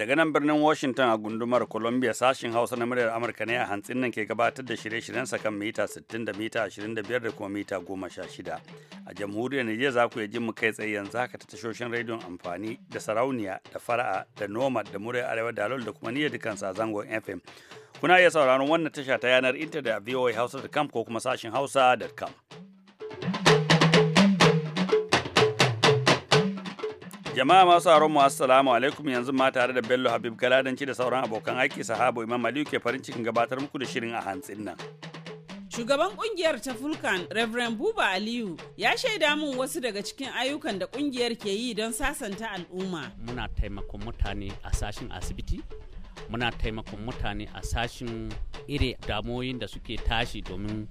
daga nan birnin washington a gundumar columbia sashin hausa na muryar amurka ne a hantsin nan ke gabatar da shirye shiryen sa kan mita 60 da mita 25 da kuma mita 16 a jamhuriyar nijar za ku iya jin mu kai tsaye yanzu haka ta tashoshin rediyon amfani da sarauniya da fara'a da nomad da muryar arewa da da kuma niyyar dukansa a zangon fm kuna iya sauraron wannan tasha ta yanar intanet da voahausa.com ko kuma sashin hausa.com Jama'a masu aron mu assalamu alaikum yanzu ma tare da Bello Habib Galadanci da sauran abokan aiki sahabo Imam Aliyu ke farin cikin gabatar muku da shirin a hantsin nan. Shugaban kungiyar ta Fulkan, Reverend Buba Aliyu, ya shaida mun wasu daga cikin ayyukan da kungiyar ke yi don sasanta al'umma. Muna taimakon mutane a sashin asibiti, muna taimakon mutane a sashin iri damoyin da suke tashi domin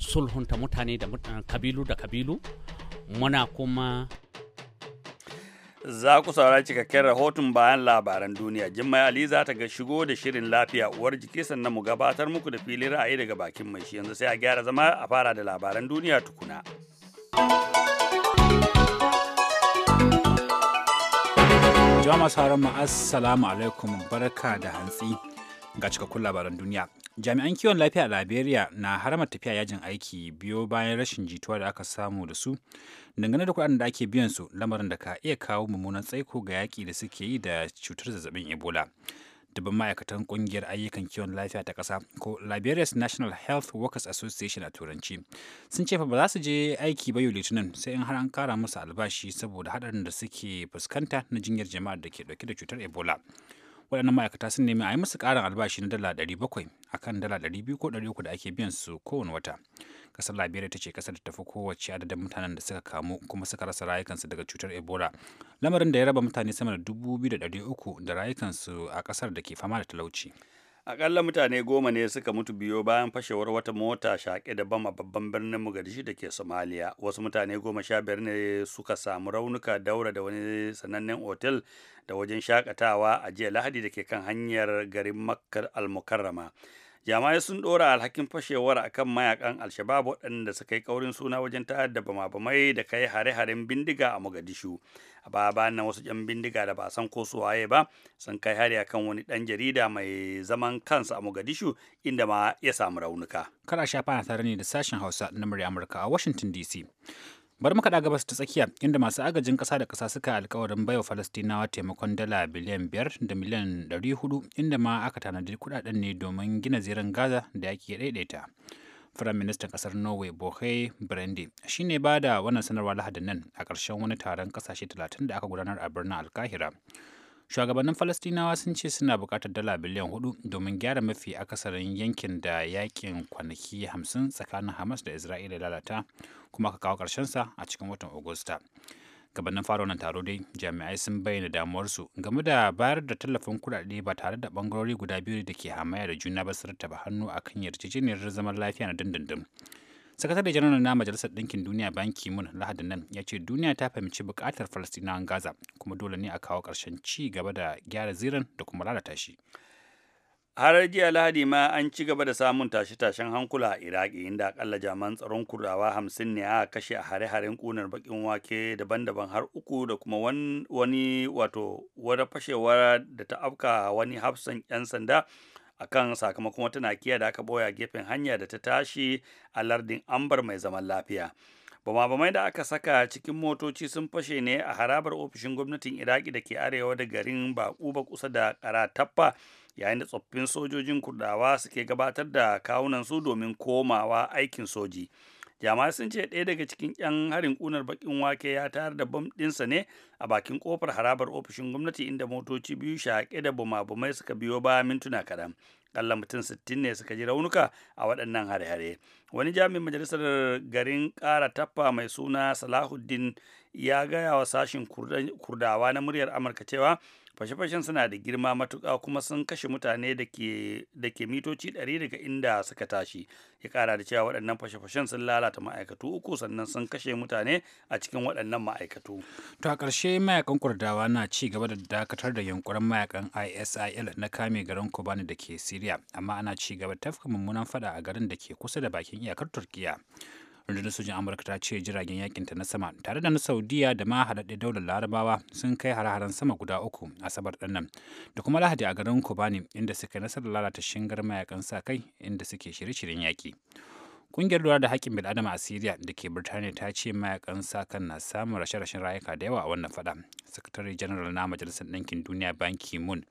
sulhunta mutane da kabilu da kabilu, muna kuma Za ku saurari cikakken rahoton bayan labaran duniya. Jimmai Ali za ta ga shigo da shirin lafiya uwar jiki sannan mu gabatar muku da filin ra'ayi daga bakin mai shi yanzu sai a gyara zama a fara da labaran duniya tukuna. Jama'a sauran mu assalamu alaikum barka da hantsi ga cikakkun labaran duniya. jami'an kiwon lafiya a liberia na haramar tafiya yajin aiki biyo bayan rashin jituwa da aka samu da su dangane da kuɗaɗen da ake biyan su lamarin da ka iya kawo mummunan tsaiko ga yaƙi da suke yi da cutar zazzabin ebola dubban ma'aikatan ƙungiyar ayyukan kiwon lafiya ta ƙasa ko liberia's national health workers association a turanci sun ce fa ba za su je aiki ba yau litinin sai in har an kara musu albashi saboda haɗarin da suke fuskanta na jinyar jama'ar da ke ɗauke da cutar ebola waɗannan ma'aikata sun nemi a yi musu ƙarin albashi na dala 700 a kan dala ɗari biyu ko uku da ake biyan su kowane wata ƙasar liberia ta ce ƙasar da ta fi kowace adadin mutanen da suka kamu kuma suka rasa rayukansu daga cutar ebola lamarin da ya raba mutane sama da dubu biyu uku da rayukansu a ƙasar da ke fama da talauci akalla mutane goma ne suka mutu biyo bayan fashewar wata mota shaƙe da bam a babban birnin mogadishu da ke somaliya wasu mutane goma sha biyar ne suka samu raunuka daura da wani sanannen otel da wajen shakatawa a jiya lahadi da ke kan hanyar garin makkar mukarrama jama'ai sun ɗora alhakin fashewar akan mayakan alshabab waɗanda suka yi kaurin suna wajen ta'adda bama-bamai da kai hare-haren bindiga a mogadishu a baya nan wasu yan bindiga da ba san ko su waye ba sun kai hari akan wani ɗan jarida mai zaman kansa a mogadishu inda ma ya samu raunuka kada shafa na tare ne da sashen hausa na murya amurka a washington dc bari muka gabas ta tsakiya inda masu agajin kasa da kasa suka alkawarin baiwa falastinawa taimakon dala biliyan biyar da miliyan ɗari hudu inda ma aka tanadi kudaden ne domin gina zirin gaza da yake daidaita firayim ministan kasar norway bohe brandy shi ne ba da wannan sanarwa lahadin nan a ƙarshen wani taron ƙasashe talatin da aka gudanar a birnin alkahira shugabannin falastinawa sun ce suna bukatar dala biliyan hudu domin gyara mafi akasarin yankin da yakin kwanaki hamsin tsakanin hamas da isra'ila lalata kuma ka kawo sa a cikin watan agusta gabanin fara wannan taro dai jami'ai sun bayyana damuwarsu game da bayar da tallafin kuɗaɗe ba tare da bangarori guda biyu da ke hamaya da juna ba su rattaba hannu akan yarjejeniyar zaman lafiya na dindindin sakatare janar na majalisar ɗinkin duniya bayan mun lahadin nan ya ce duniya ta fahimci buƙatar falastinawan gaza kuma dole ne a kawo ƙarshen ci gaba da gyara ziran da kuma lalata shi har jiya lahadi ma an ci gaba da samun tashe-tashen hankula a iraki inda akalla jaman tsaron kurawa hamsin ne a kashe a hare-haren kunar bakin wake daban-daban har uku da kuma wani wato wata fashewar da ta afka wani hafsan 'yan sanda akan sakamakon wata nakiya da aka boya gefen hanya da ta tashi a lardin ambar mai zaman lafiya bama-bamai da aka saka cikin motoci sun fashe ne a harabar ofishin gwamnatin iraki da ke arewa da garin bakuba kusa da tappa yayin da tsoffin sojojin kurdawa suke gabatar da kawunan su domin komawa aikin soji jama'a sun ce ɗaya daga cikin 'yan harin kunar bakin wake ya tayar da bam ɗinsa ne a bakin kofar harabar ofishin gwamnati inda motoci biyu shaƙe da bama-bamai suka biyo ba mintuna kaɗan kalla mutum sittin ne suka ji raunuka a waɗannan hare-hare wani jami'in majalisar garin ƙara tappa mai suna salahuddin ya gaya wa sashin kurdawa na muryar amurka cewa fashe-fashen suna da girma matuƙa kuma sun kashe mutane da ke mitoci 100 daga inda suka tashi ya ƙara da cewa waɗannan fashe-fashen sun lalata ma'aikatu uku sannan sun kashe mutane a cikin waɗannan ma'aikatu to a ƙarshe mayakan kurdawa na ci gaba da dakatar da yunkurin mayakan isil na kame garin kobani da ke siriya amma ana ci gaba tafka mummunan fada a garin da ke kusa da bakin iyakar turkiya rundunar sojin amurka ta ce jiragen yakinta na sama tare da na saudiya da ma haɗaɗɗe daular larabawa sun kai hare-haren sama guda uku asabar ɗin nan da kuma lahadi a garin kobani inda suka nasarar lalata shingar mayakan sa kai inda suke shirye-shiryen yaƙi. Ƙungiyar lura da haƙƙin bil'adama a Siriya da ke Birtaniya ta ce mayakan sa kan na samun rashe-rashen rayuka da yawa a wannan fada. Sakatare General na Majalisar Ɗinkin Duniya Ban Ki-moon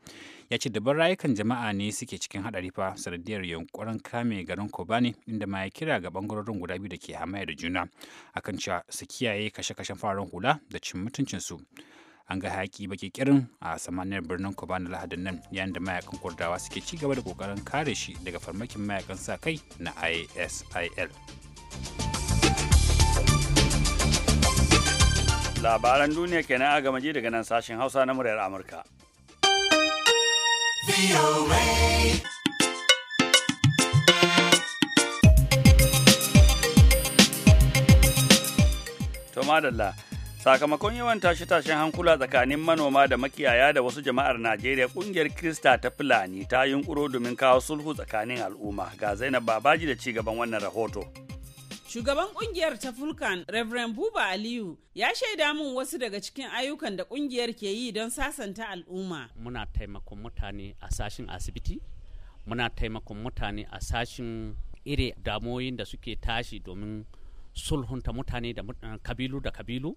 ya ce dabar rayukan jama'a ne suke cikin haɗari fa sanadiyar yunkurin kame garin Kobani inda ma ya kira ga ɓangarorin guda biyu da ke hamaya da juna akan cewa su kiyaye kashe-kashen fararen hula da cin mutuncinsu. su. an ga hayaki baki kirin a samaniyar birnin na lahadin nan yayin da mayakan kurdawa suke ci gaba da kokarin kare shi daga farmakin mayakan sa kai na isil labaran duniya kenan a gamaji daga nan sashen hausa na muryar amurka to sakamakon yawan tashe-tashen hankula tsakanin manoma da makiyaya da wasu jama'ar najeriya kungiyar krista ta fulani ta yunkuro domin kawo sulhu tsakanin al'umma ga zainab babaji da cigaban wannan rahoto shugaban kungiyar ta fulkan rev buba aliyu ya shaida mun wasu daga cikin ayyukan da kungiyar ke yi don sasanta al'umma muna taimakon mutane a sashin asibiti muna taimakon mutane a sashin ire damoyin da suke tashi domin sulhunta mutane da kabilu da kabilu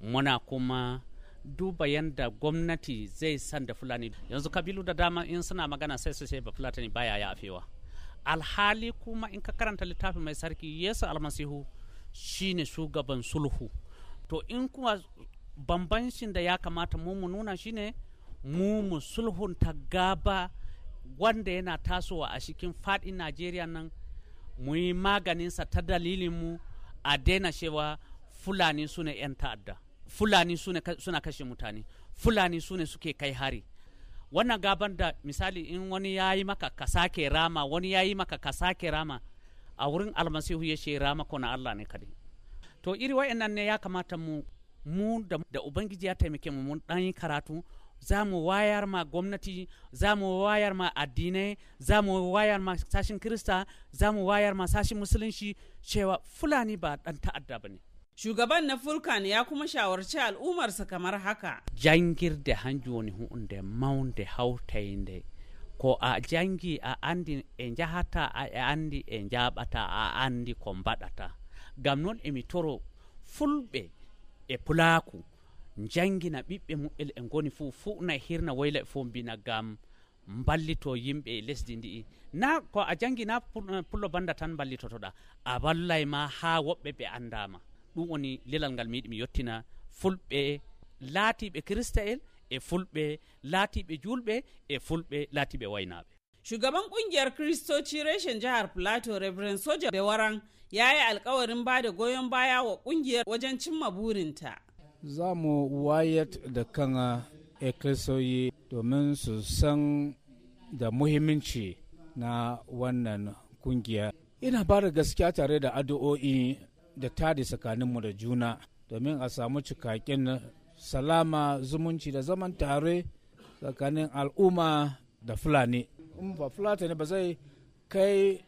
muna kuma duba yadda gwamnati zai san da fulani yanzu kabilu da dama in suna magana sai su ba fulani baya yafewa alhali kuma in ka karanta littafin mai sarki yesu almasihu shine shugaban sulhu to in kuma bambancin da ya kamata mu mu nuna shine mu mu sulhunta gaba wanda yana tasowa a cikin fadin najeriya nan mu yi maganinsa ta dalilin mu a daina cewa fulani su ne 'yan ta'adda fulani suna kashe mutane fulani su ne suke kai hari wannan gaban da misali in wani ya yi maka ka sake rama wani ya yi maka ka sake rama a wurin almasihu ya ce rama ko na Allah ne kadai to iri wa'annan ne ya kamata mu mu da, ubangiji ya taimake mu mun dan karatu za mu wayar ma gwamnati za mu wayar ma addinai za mu wayar ma sashin kirista za mu wayar ma sashin musulunci cewa fulani ba dan ta'adda ba ne shugaban na fulkan ya kuma shawarci al'ummarsa kamar haka jangirde hanjum woni hunde maunde hawtayde ko a jangi a andi e jahata a e andi e jaɓata a andi ko mbaɗata gam noon emi toro fulɓe e pulaku jangina ɓiɓɓe muɓɓel e goni fuu fuuna hirna woyla e fo mbina gam mballito yimɓe e lesdi ndi'i na ko a jangi na pullo banda tan mballitotoɗa a wallay ma ha woɓɓe ɓe andama ɗum woni lelal ngal mi yiɗi mi yottina fulɓe laatiɓe krista'el e fulɓe laatiɓe julɓe e fulɓe laatiɓe waynaɓe shugaban ƙungiyar kristoci reshen jihar plateau revren soja bewaran ya yi alkawarin ba da goyon baya wa ƙungiyar wajen cimma burinta za mu wayar da kan eklesoyi domin su san da muhimmanci na wannan ƙungiyar. ina ba da gaskiya tare da addu'o'i da tadi tsakaninmu da juna domin a samu cikakken salama zumunci da zaman tare tsakanin al'umma da fulani in ba fulani ba zai kai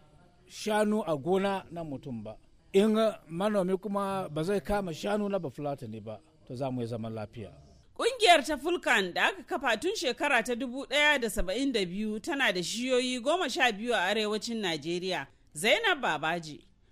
shanu a gona na mutum ba in manomi kuma ba zai kama shanu na ba fulani ba to za mu yi zaman lafiya Ƙungiyar ta Fulkan da aka kafa tun shekara ta dubu ɗaya da da saba'in biyu tana da shiyoyi goma sha biyu a arewacin Najeriya. Zainab Babaji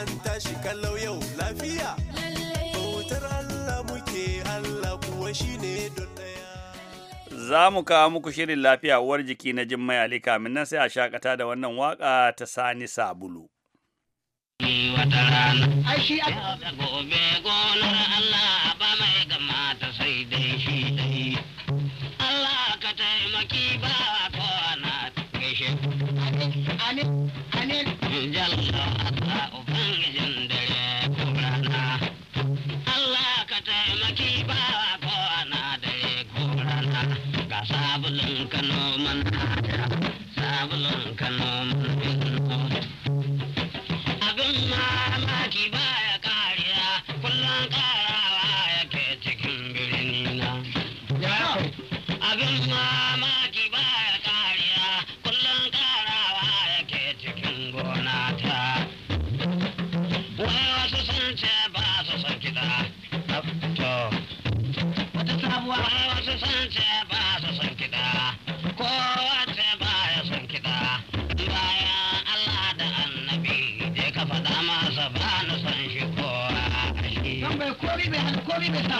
an tashi kallau yau lafiya bautar Allah muke Allah kuwa shine don za mu kawo muku shirin lafiya uwar jiki na jin Ali kamin nan sai a shakata da wannan waka ta sani sabulu wata a gobe gonar Allah ka taimaki ba ko na gaishe amin amin jalsa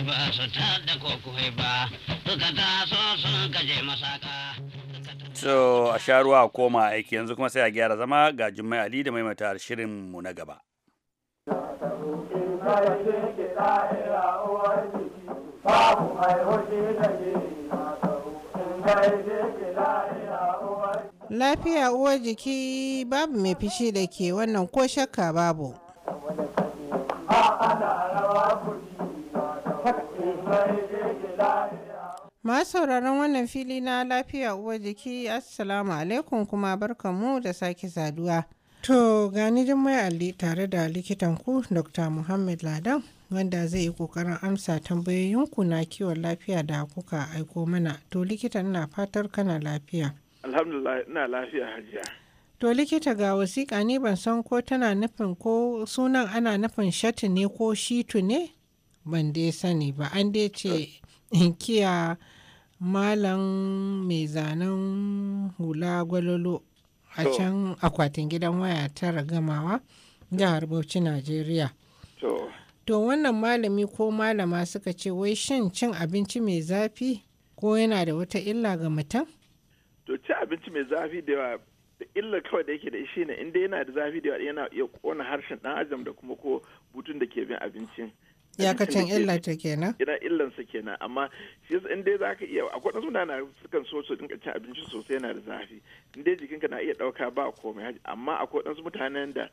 ne ba su da kokoi ba suka taso sun kaje masaka so a sha ruwa koma aiki yanzu kuma sai a gyara zama ga jummai ali da maimaita shirin mu na gaba babu mai hoji da ke lafiya uwar jiki babu mai fishi da ke wannan ko shakka babu. Ma sauraron wannan fili na lafiya uwa jiki assalamu alaikum kuma mu da sake saduwa to gani jin mai alli tare da likitan ku dr muhammad ladan wanda zai yi kokarin amsa tambayoyinku na kiwon lafiya da kuka aiko mana to likita ina fatar kana lafiya alhamdulillah ina lafiya hajiya to likita ga wasiƙa ne ban san ko tana nufin ko sunan ana nufin shatu ne ko shitu ne ban dai sani ba an dai ce kiya malam mai zanen hula gwalolo a can akwatin gidan waya ta ragamawa jihar bauchi najeriya to wannan malami ko malama suka ce wai shin cin abinci mai zafi ko yana da wata illa ga mutum to cin abinci mai zafi da yawa da illa kawai da yake da shi ne inda yana da zafi da yana iya kona harshen dan ajam da kuma ko butun da ke bin abincin can illa ta kenan ina illan su kenan amma shi in dai zaka iya akwai wasu na sukan so su dinka cin abinci sosai yana da zafi in dai jikinka na iya dauka ba komai amma akwai wasu mutanen da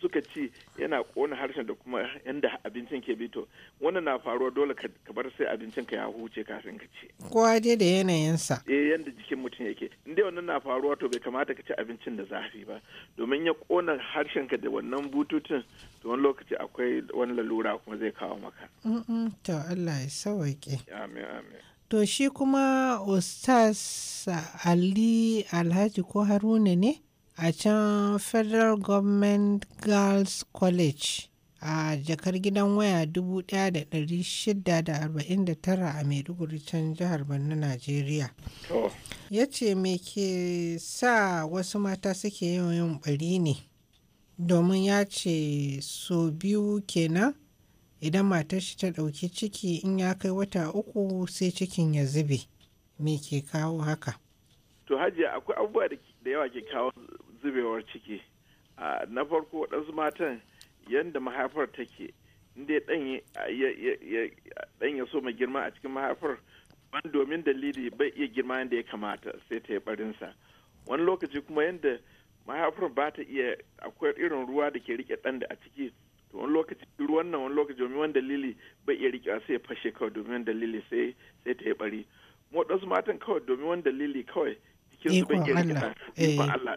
suka ci yana kona harshen da kuma yanda abincin ke bito wannan na faruwa dole ka bar sai abincin ka ya huce kafin ka ci kowa dai da sa. eh yanda jikin mutum yake in dai wannan na faruwa to bai kamata ka ci abincin da zafi ba domin ya kona harshen ka da wannan bututun to wani lokaci akwai wani lalura kuma zai kawo maka. To Allah ya sawaƙe. Amin amin. To shi kuma Ustaz Ali Alhaji ko Haruna ne a can Federal Government Girls College a jakar gidan waya 1649 a Maiduguri can jihar Borno Najeriya. Ya ce me ke sa wasu mata suke yin bari ne domin ya ce so biyu kenan. idan matar shi ta ɗauki ciki in ya kai wata uku sai cikin ya zube me ke kawo haka to hajiya akwai abubuwa da yawa ke kawo zubewar ciki na farko waɗansu matan yadda mahaifar take inda ɗan ya so mai girma a cikin mahaifar wani domin dalili bai iya girma yadda ya kamata sai ta yi barinsa wani lokaci kuma yadda mahaifar ba ta iya akwai irin ruwa da ke rike ɗan da a ciki to wani lokaci ruwan wannan wani lokaci domin wani dalili bai iya rikewa sai ya fashe kawai domin wani dalili sai sai ta yi bari mu wadansu matan kawai domin wani dalili kawai jikin su bai iya rike dan ikon eh. Allah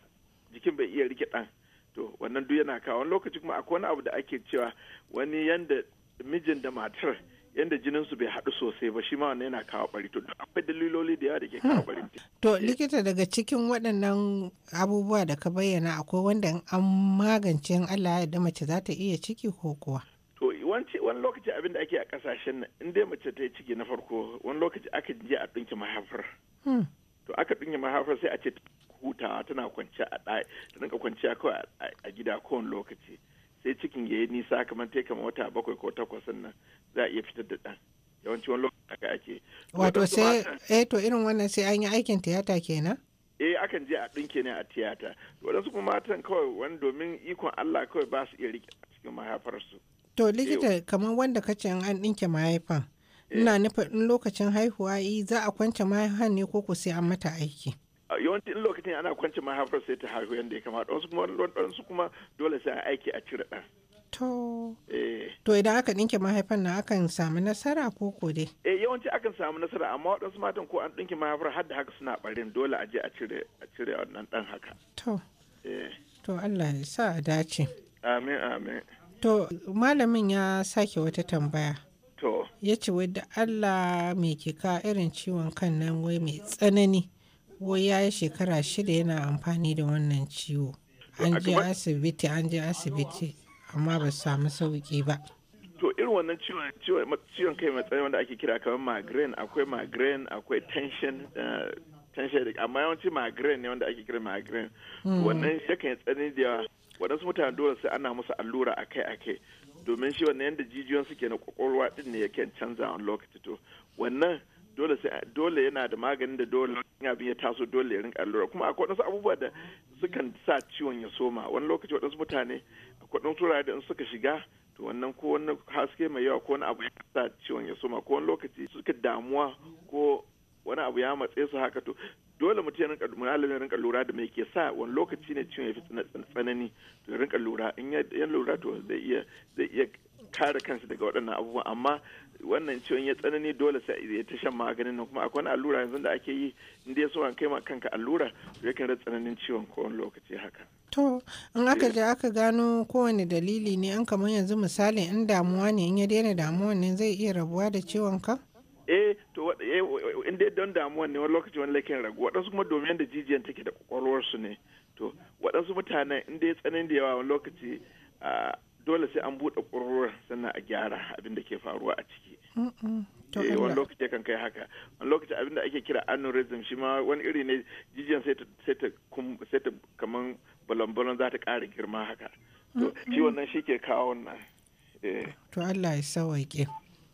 jikin bai iya rike dan to wannan duk yana kawo wani lokaci kuma akwai wani abu da ake cewa wani yanda mijin da matar yadda jinin su bai haɗu sosai ba shi ma wannan yana kawo bari to akwai daliloli da yawa da ke hmm. kawo bari to eh. likita daga cikin waɗannan abubuwa da ka bayyana akwai wanda an magance in Allah ya da mace za ta iya ciki ko kuwa to wani lokaci abin da ake a kasashen nan in dai mace ta yi ciki na farko wani lokaci aka je a ɗinki mahaifar hmm. to aka ɗinki mahaifar sai a ce hutawa tana kwanciya a ɗaya ta dinga kwanciya kawai a gida kowane lokaci sai cikin ya yi nisa kamar ta kamar wata bakwai ko takwas nan za a iya fitar da ɗan yawanci wani lokaci haka ake. wato sai eh to irin wannan sai an yi aikin tiyata kenan. eh akan je a ɗinke ne a tiyata waɗansu kuma matan kawai wani domin ikon Allah kawai ba su iya rike cikin mahaifarsu. to likita kamar wanda kace an ɗinke mahaifan eh. ina nufin lokacin haihuwa yi za a kwance mahaifan ne ko ku sai an mata aiki. yawancin lokacin ana kwanci mahaifar sai ta haihu yadda ya kamata wasu kuma wadansu kuma dole sai aiki a cire ɗan. To, eh. to idan aka ɗinke mahaifar na akan samu nasara ko ko dai? Eh yawanci akan samu nasara amma wadansu matan ko an ɗinke mahaifar har da haka suna ɓarin dole a je a cire a cire wannan ɗan haka. To, eh. to Allah ya sa a dace. Amin amin. To malamin ya sake wata tambaya. To. Ya ce wadda Allah mai kika irin ciwon kan nan wai mai tsanani. wai ya yi shekara shida yana amfani da wannan ciwo an je asibiti an je asibiti amma ba samu sauki ba to irin wannan ciwon ciwon kai mai tsaye wanda ake kira kamar migraine akwai migraine akwai tension eh, tension amma yawanci migraine ne wanda ake kira migraine hmm. wannan shakan tsani da yawa wadansu mutane dole sai ana musu allura akai-akai domin shi wannan yadda jijiyoyin suke na kwakwalwa din ne yake canza wani lokaci to wannan dole sai dole yana da maganin da dole abin ya taso dole ya rinka allura kuma akwai wasu abubuwa da sukan sa ciwon ya soma wani lokaci waɗansu mutane akwai ɗan turare da suka shiga to wannan ko wani haske mai yawa ko wani abu ya sa ciwon ya soma ko wani lokaci suka damuwa ko wani abu ya matse su haka to dole mutum ya rinka malamin rinka lura da me ke sa wani lokaci ne ciwon ya fi tsanani to ya rinka lura in ya lura to zai iya zai iya kare kansa daga waɗannan abubuwa amma wannan ciwon ya tsanani dole sai ya ta shan maganin nan kuma akwai wani allura yanzu da ake yi in dai so an kai ma kanka allura to yakan da tsananin ciwon ko wani lokaci haka to in aka eh. je aka gano kowane dalili ne an kamar yanzu misali in damuwa ne in ya daina damuwa ne zai iya rabuwa da ciwon ka eh to eh, in dai don damuwan ne wani lokaci wani laikin ragu waɗansu kuma domin da jijiyan take da su ne to waɗansu mutanen in dai tsanin da yawa wani lokaci dole sai an buɗe ƙwarwar sannan a gyara abin da ke faruwa a ciki. Eh, wani lokaci kan kai haka wani lokaci abin da ake kira aneurysm shi ma wani iri ne jijiyan sai ta kaman balambalan za ta ƙara girma haka to ciwon nan shi ke kawo wannan eh. to Allah ya sawaike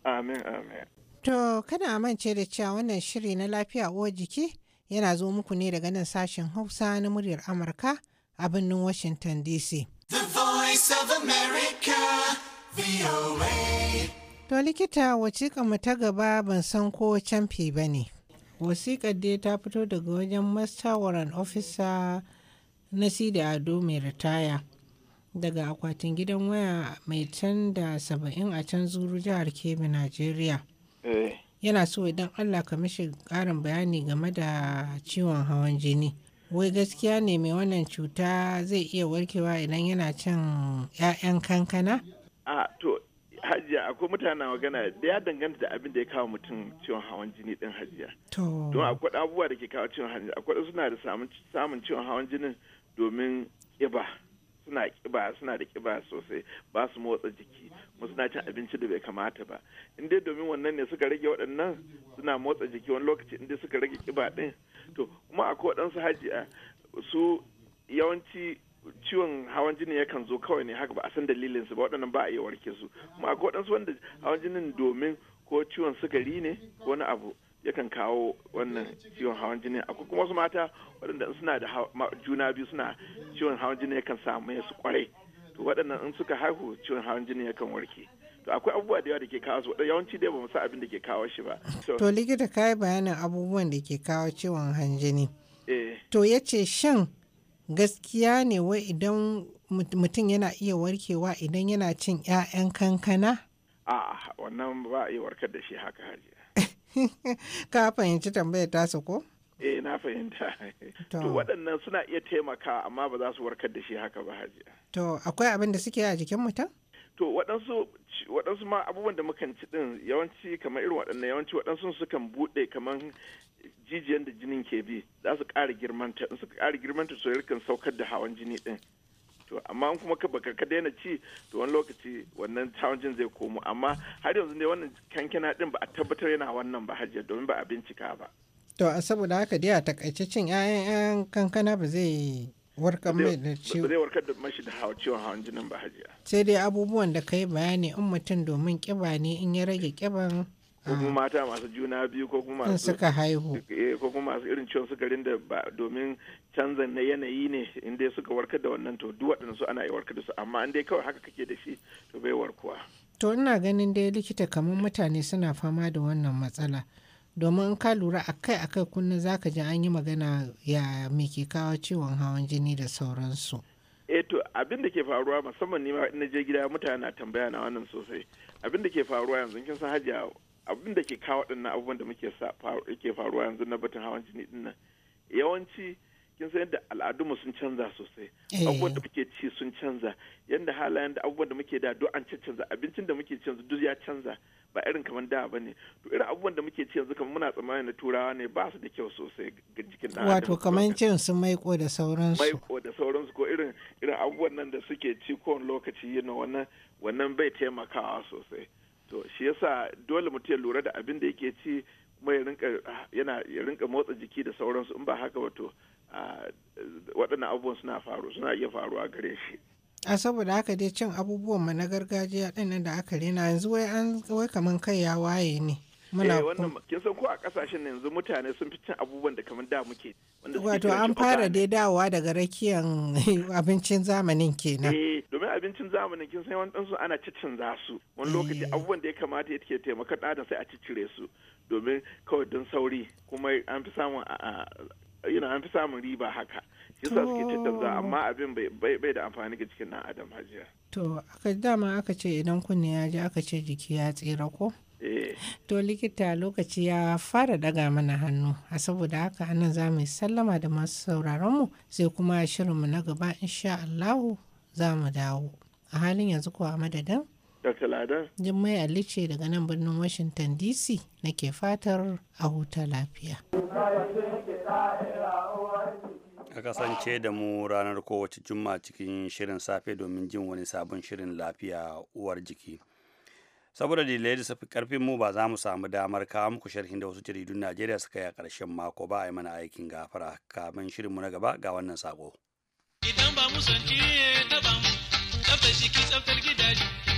amin amin To kada a mance da cewa wannan shiri na lafiya uwar jiki yana zo muku ne daga nan sashen Hausa na muryar Amurka a birnin Washington DC. The Voice of America, VOA. To likita wacika mu ta gaba ban san ko canfi ba ne. Wasiƙar dai ta fito daga wajen Master Warrant Officer na Sida Ado mai ritaya daga akwatin gidan waya mai can da saba'in a can zuru jihar Kebbi, Najeriya. Eh. yana so idan allah ka mishi karin bayani game da ciwon hawan jini wai gaskiya ne mai wannan cuta zai iya warkewa idan yana cin 'ya'yan kankana a to hajiya akwai mutane magana da ya danganta da abin da ya kawo mutum ciwon hawan jini din hajiya don akwai abubuwa da ke kawo ciwon hawan jini akwai suna da samun ciwon hawan jinin domin ƙiba suna kiba suna da kiba sosai ba su motsa jiki kuma suna cin abinci da bai kamata ba in dai domin wannan ne suka rage waɗannan suna motsa jiki wani lokaci in dai suka rage kiba ɗin to kuma akwai waɗansu hajiya su yawanci ciwon hawan jini yakan zo kawai ne haka ba a san dalilin su ba waɗannan ba a iya warke su kuma akwai waɗansu wanda hawan jinin domin ko ciwon sukari ne ko wani abu yakan kawo wannan eh, ciwon hawan jini akwai kuma wasu mata waɗanda suna da juna biyu suna ciwon hawan jini yakan samu su kwarai to waɗannan in suka haihu ciwon hawan jini yakan warke to akwai abubuwa da yawa da ke kawo su yawanci dai ba mu san abin da ke kawo shi ba to likita kai bayanin abubuwan da ke kawo ciwon hanjini eh. to yace shin gaskiya ne wai idan mutum yana iya warkewa idan yana cin 'ya'yan kankana? a wannan ba a iya warkar da shi haka hajiya ka fahimci tambayar tasu ko? eh na fahimta to waɗannan suna iya taimaka amma ba za su warkar da shi haka ba hajiya to akwai abin da suke a jikin mutum to waɗansu waɗansu ma abubuwan da mukan ci din yawanci kamar irin waɗannan yawanci waɗansu sukan buɗe kamar jijiyan da jinin ke bi za su ƙara girmanta in suka ƙara girmanta so yakan saukar da hawan jini din to amma in kuma ka baka ka daina ci to wani lokaci wannan challenging zai komo amma har yanzu ne wannan kankana din ba a tabbatar yana wannan ba hajjiyar domin ba a bincika ba to a saboda haka dai a takaice cin ƴaƴan kankana ba zai warkar mai da ciwo zai warkar da mashi da ciwon hawan jinin ba hajiya sai dai abubuwan da kai bayani in mutum domin kiba ne in ya rage kiban ko kuma ah, mata masu juna biyu ko kuma masu suka haihu eh, ko kuma masu irin ciwon sukarin da ba domin canza na yanayi ne in dai suka warkar da wannan to duk waɗansu ana yi warkar da su amma in dai kawai haka kake da shi to bai warkuwa. To ina ganin dai likita kamar mutane suna fama da wannan matsala. Domin in ka lura akai-akai kunna zaka ji an yi magana ya me ke kawo ciwon hawan jini da sauransu. Eh to abin da ke faruwa musamman ni ma na je gida mutane na tambaya na wannan sosai. Abin da ke faruwa yanzu kin san hajiya abin da ke kawo abubuwan da muke faruwa yanzu na batun hawan jini dinnan yawanci kin san yadda al'adunmu sun canza sosai eh. abubuwan da muke ci sun canza yadda halayen da abubuwan da muke da duk an canza abincin da muke ci yanzu duk ya canza ba irin kamar da ba ne to irin abubuwan da muke ci yanzu kamar muna tsammani na turawa ne ba su da kyau sosai ga jikin da wato kamar cin su maiko da sauransu maiko da sauransu ko irin irin abubuwan nan da suke ci kowane lokaci yin wannan wannan bai taimakawa sosai to shi yasa dole mutum ya lura da abin da yake ci kuma ya rinka yana ya rinka motsa jiki da sauransu in ba haka ba to waɗannan abubuwan suna faru suna iya faruwa gare shi a saboda haka dai cin abubuwan mu na gargajiya ɗin da aka rena yanzu wai an wai kaman kai ya waye ne muna eh, wannan kin san ko a kasashen yanzu mutane sun fi cin abubuwan da kamar da muke wato an fara dai dawowa daga rakiyan abincin zamanin kenan eh domin abincin zamanin kin san wani ɗansu ana cicin za su wani lokaci eh. abubuwan da ya kamata ya taimaka da sai a ciccire su domin kawai don sauri kuma an fi samun you an fi samun riba haka yasa suke tattauna amma abin bai da amfani ga cikin ɗan adam hajiya to aka dama aka ce idan kunne ya ji aka ce jiki ya tsira ko eh. to likita lokaci ya fara daga mana hannu a saboda haka anan za mu sallama da masu sauraron mu sai kuma shirinmu na gaba insha Allah, za mu dawo a halin yanzu kuwa madadin Dr. Jummai daga nan birnin Washington DC nake fatar a huta lafiya. Ka kasance da mu ranar kowace juma cikin shirin safe domin jin wani sabon shirin lafiya uwar jiki. Saboda dalilai da safi karfin mu ba za mu samu damar kawo muku sharhin da wasu jaridun Najeriya suka yi a ƙarshen mako ba a yi mana aikin gafara kamar shirin mu na gaba ga wannan sako. Idan ba mu eh, ta ba mu, tsaftar tsaftar gidaje.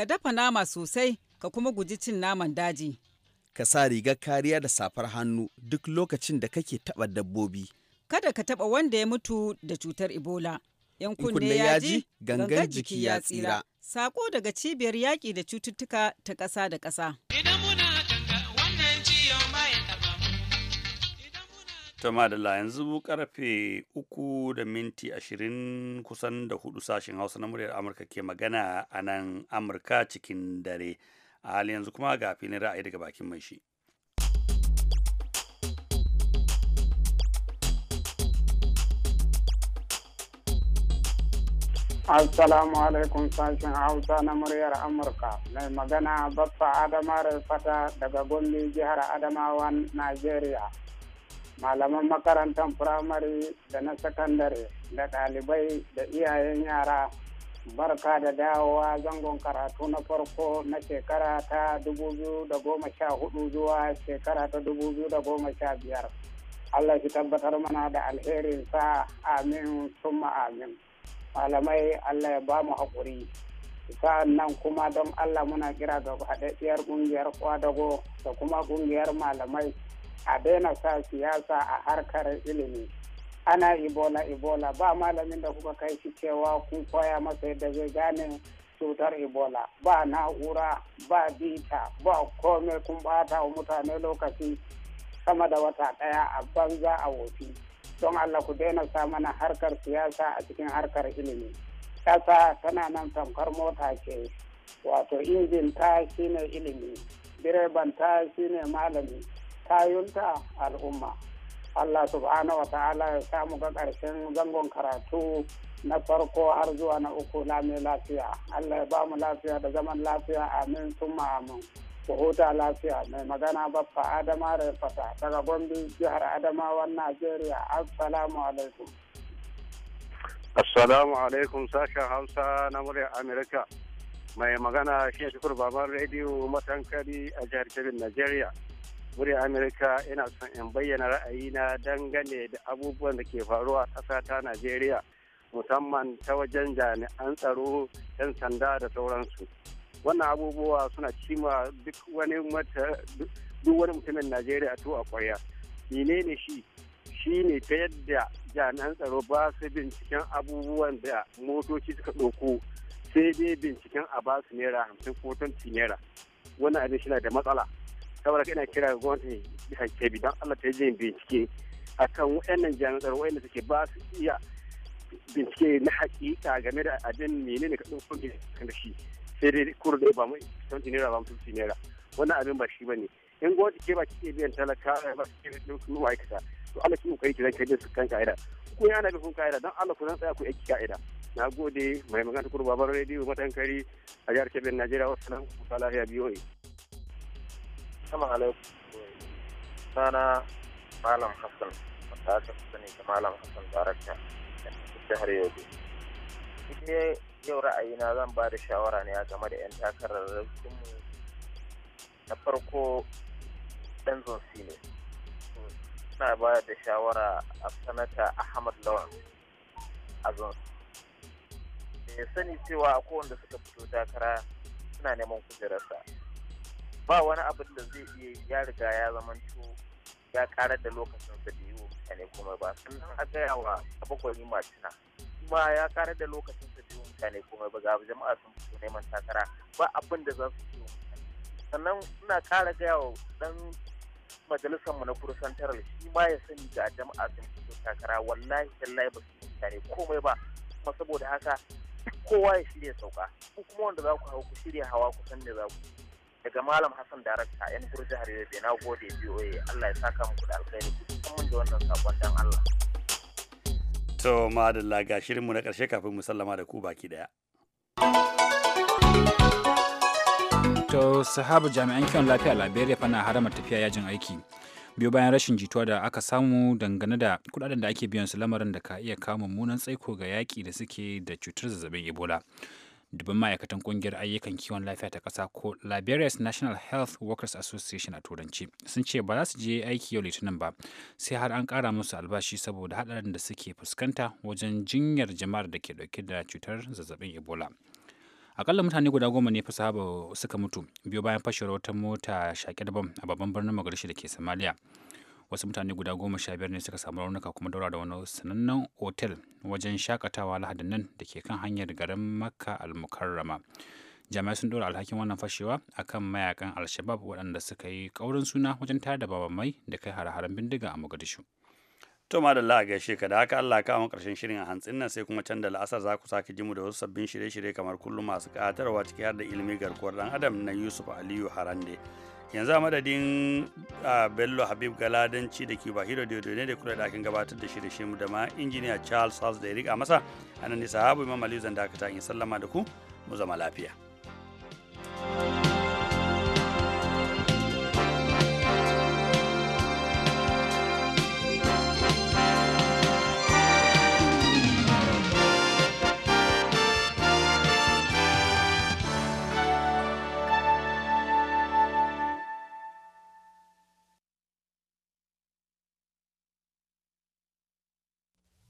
Ka dafa nama sosai ka kuma guji cin naman daji. Ka sa rigar kariya da safar hannu duk lokacin da kake taɓa dabbobi. Kada ka taɓa wanda ya mutu da cutar Ebola. ‘Yan kunne ya ji, gangan jiki ya tsira. Sako daga cibiyar yaƙi da cututtuka ta ƙasa da ƙasa. Tama yanzu karfe uku da minti ashirin kusan da hudu sashen Hausa na muryar Amurka ke magana a nan Amurka cikin dare. A halin yanzu kuma ga filin ra'ayi daga bakin mai shi. Assalamu alaikum sashen Hausa na muryar Amurka. Mai magana Baffa Adama Fata daga Gombe jihar Adamawa, Najeriya. malaman makarantar firamare da na sakandare da ɗalibai da iyayen yara barka da dawowa zangon karatu na farko na shekara ta 2014 zuwa shekara ta 2015 Allah shi tabbatar mana da alherinsa amin summa amin malamai Allah ya ba mu haƙuri sa'an nan kuma don Allah muna kira ga haɗaɗɗiyar ƙungiyar kwadago da kuma ƙungiyar malamai a daina sa siyasa a harkar ilimi ana ibola ibola ba malamin da kuka kai shi cewa kun koya masa yadda zai gane cutar ebola ba na'ura ba bita ba komai kun bata wa mutane lokaci sama da wata ɗaya a banza a wofi don allah ku daina sa mana harkar siyasa a cikin harkar ilimi ƙasa tana nan tamkar mota ke. wato injin ta shine ilimi direban ta shine malami tayunta al'umma Allah subhanahu wa ta'ala ya samu ga ƙarshen zangon karatu na farko har zuwa na uku lami lafiya Allah ya ba mu lafiya da zaman lafiya amin sun amin ku huta lafiya mai magana baffa adama da fata daga gombe jihar adamawan najeriya assalamu alaikum assalamu alaikum sashen hausa na murya amurka mai magana shi shukur babban rediyo matankari a jihar kebbi najeriya murya amurka ina son in bayyana ra'ayina dangane da abubuwan da ke faruwa a ƙasa ta najeriya musamman ta wajen jami'an tsaro 'yan sanda da sauransu wannan abubuwa suna cima duk wani duk wani mutumin najeriya to a kwarya ne shi shi ne ta yadda jami'an tsaro ba su binciken abubuwan da motoci suka ɗauko sai dai binciken a ba su naira hamsin ko tanti naira wannan abin shi na da matsala saboda ina kira ga gwamnati bisa bi don allah ta je bincike a kan jami'an tsaro wayanda suke ba su iya bincike na hakika game da abin ne ka ɗauko ne kan da shi sai dai kuru da ba mu 20 naira ba mu 50 naira wannan abin ba shi ne in gwamnati ke ba kike biyan talaka ba kike biyan su ma'aikata to Allah ki kokari ki zan kai su kan ka'ida ku yana da kun ka'ida don Allah ku zan tsaya ku yi ka'ida na gode mai magana kurba babar rediyo matankari a jihar Kebbi Najeriya wasu nan ku lafiya biyoyi. Assalamu alaikum. Sana Malam Hassan, wanda aka fi sani da Malam Hassan Darakta da jihar Yobe. Ita yau ra'ayina zan ba da shawara ne a game da 'yan takarar mu na farko ɗan zonsi ne. Ina ba da shawara a sanata Ahmad Lawan a zonsi. Da ya sani cewa a kowanda suka fito takara suna neman kujerarsa. ba wani abin da zai iya ya riga ya zamanto ya ƙara da lokacinsa da yiwu mutane kuma ba sannan a gaya wa bakwai martina kuma ya ƙara da lokacinsa da yiwu mutane kuma ba ga jama'a sun fito neman takara ba abin da za su yi sannan suna kara gaya wa ɗan majalisar mu na kurusan shi ma ya sani ga jama'a sun fito takara wallahi tallahi ba su mutane komai ba kuma saboda haka kowa ya shirya sauka Ku kuma wanda za ku hau ku shirya hawa kusan da za ku daga malam hassan darakta yan kur jihar yobe na gode boa allah ya saka muku da alkhairi kun mun da wannan sabon dan allah to madalla ga shirinmu na karshe kafin mu sallama da ku baki daya to sahaba jami'an kiwon lafiya liberia fana harama tafiya yajin aiki biyo bayan rashin jituwa da aka samu dangane da kudaden da ake biyan su lamarin da ka iya kama mummunan tsaiko ga yaƙi da suke da cutar zazzabin ebola dubban ma'aikatan kungiyar ayyukan kiwon lafiya ta ƙasa ko liberia's national health workers association a turanci sun ce ba za su je aiki yau litinin ba sai har an kara musu albashi saboda haɗarin da suke fuskanta wajen jinyar jama'ar da ke dauke da cutar zazzabin ebola akalla mutane guda goma ne fasahaba suka mutu biyo bayan fashewar wata mota shaƙe da bam a babban birnin magarishi da ke somalia wasu mutane guda goma sha biyar ne suka samu raunuka kuma daura da wani sanannen otel wajen shakatawa lahadin nan da ke kan hanyar garin makka almukarrama jami'ai sun dora alhakin wannan fashewa akan mayakan alshabab waɗanda suka yi ƙaurin suna wajen tayar da baba mai da kai hare-haren bindiga a mogadishu To madalla a gaishe ka da haka Allah kawo karshen shirin a hantsin nan sai kuma can da la'asar za ku sake ji mu da wasu sabbin shirye-shirye kamar kullum masu ƙatarwa ciki har da ilimi garkuwar dan adam na Yusuf Aliyu Harande. yanzu a madadin a bello habib galadanci da ke daidai ne da kula da akin gabatar da shirye-shirye da ma injiniya charles house da ya rika masa a nan ne sahabu imam aliyu zan dakata in sallama da ku mu zama lafiya. thank you